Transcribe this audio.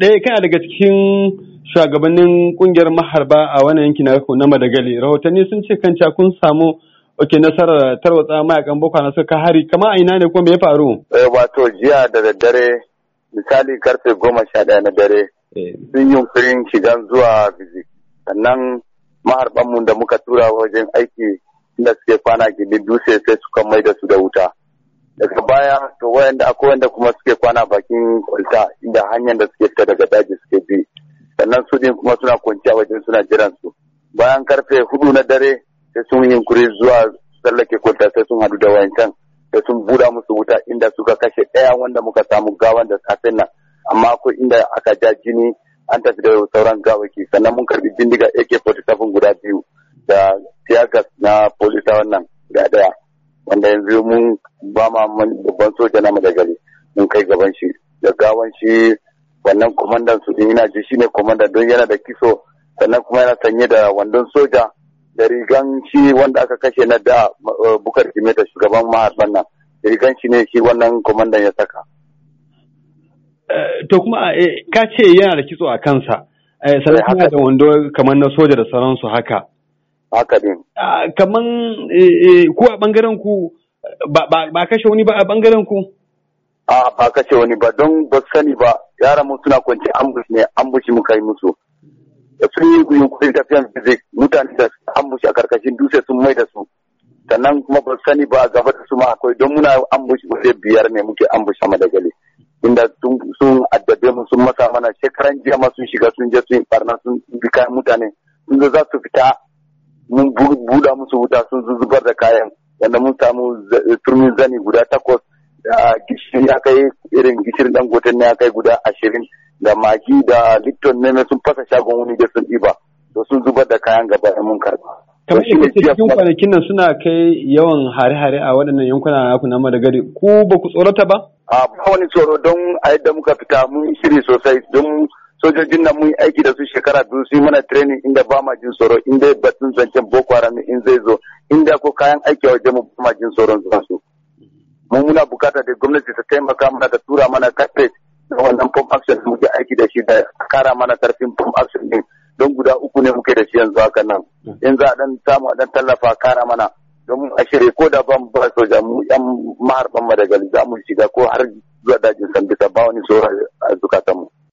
ɗaya kana daga cikin shugabannin kungiyar maharba a wannan yanki na na madagali rahotanni sun ce kan kun samu oke nasarar tarwatsa mayakan boko na suka hari kama a ina ne ko me ya faru eh, wato jiya da daddare misali karfe goma sha ɗaya na dare eh. sun yunkurin shigan zuwa bizi sannan maharbanmu da muka tura wajen aiki inda suke kwana gidi dutse sai suka mai da su da wuta daga baya to wayanda akwai wanda kuma suke kwana bakin kwalta inda hanyar da suke fita daga daji suke bi sannan su din kuma suna kwanciya wajen suna jiran su bayan karfe hudu na dare sai sun yunkuri zuwa tsallake kwalta sai sun hadu da wayancan sai sun buda musu wuta inda suka kashe ɗaya wanda muka samu gawan da safin nan amma akwai inda aka ja jini an tafi da sauran gawaki sannan mun karbi bindiga AK47 guda biyu da tiyagas na polisa wannan guda wanda yanzu mun kama mun babban soja na gari mun kai gaban shi da gawan shi wannan kwamandan su ina ji shine kwamandan don yana da kiso sannan kuma yana sanye da wandon soja da rigan shi wanda aka kashe na da eh, bukar kimeta shugaban maharban nan rigan shi ne shi wannan kwamandan ya saka. Eh, to kuma eh, ka ce yana da kitso a kansa sannan kuma da wando kamar na soja da sauransu haka. haka din. Ah, kaman ku a bangaren ku ba kashe wani ba a bangaren ku? A ba kashe wani ba don ba sani ba yaran mu suna kwanci ambush ne ambushi muka yi musu. Da sun yi yunkurin tafiyan fizik mutane da ambushi a karkashin dutse sun mai da su. Sannan kuma ba sani ba gaba da su ma akwai don muna ambush wajen biyar ne muke ambush a Madagali. Inda sun addabe mu sun masa mana shekaran jiya ma sun shiga sun je sun barna sun bi kayan mutane. Sun za su fita mun buɗa musu wuta sun zubar da kayan wanda mun samu turmin zani guda takwas da gishiri ya kai irin gishirin goten ne ya kai guda ashirin da magi da litton ne sun fasa shagon wani da sun iba, to sun zubar da kayan gaba da mun karba. kamar yadda cikin kwanakin nan suna kai yawan hare-hare a waɗannan yankuna naku da madagari ku ba ku tsorata ba? a ba wani tsoro don a yadda muka fita mun shiri sosai don sojojin nan mun aiki da su shekara biyu sun mana training inda ba ma jin tsoro inda batun zancen boko haram in zai zo inda ko kayan aiki a wajen mu kuma jin tsoron zuwa su mun muna bukata da gwamnati ta taimaka mana da tura mana carpet da wannan pump action muke aiki da shi da kara mana karfin pump action din don guda uku ne muke da shi yanzu haka nan in za a dan samu a dan tallafa kara mana don a shirye ko da ban ba soja mu yan maharban madagali za mu shiga ko har zuwa dajin sambisa ba wani tsoron a zukatan